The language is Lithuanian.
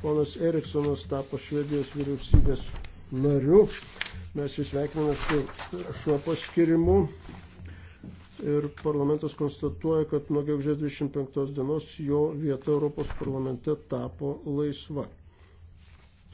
Ponas Eriksonas tapo Švedijos vyriausybės nariu. Mes jūs sveikiname su šiuo paskirimu. Ir parlamentas konstatuoja, kad nuo gegužės 25 dienos jo vieta Europos parlamente tapo laisva.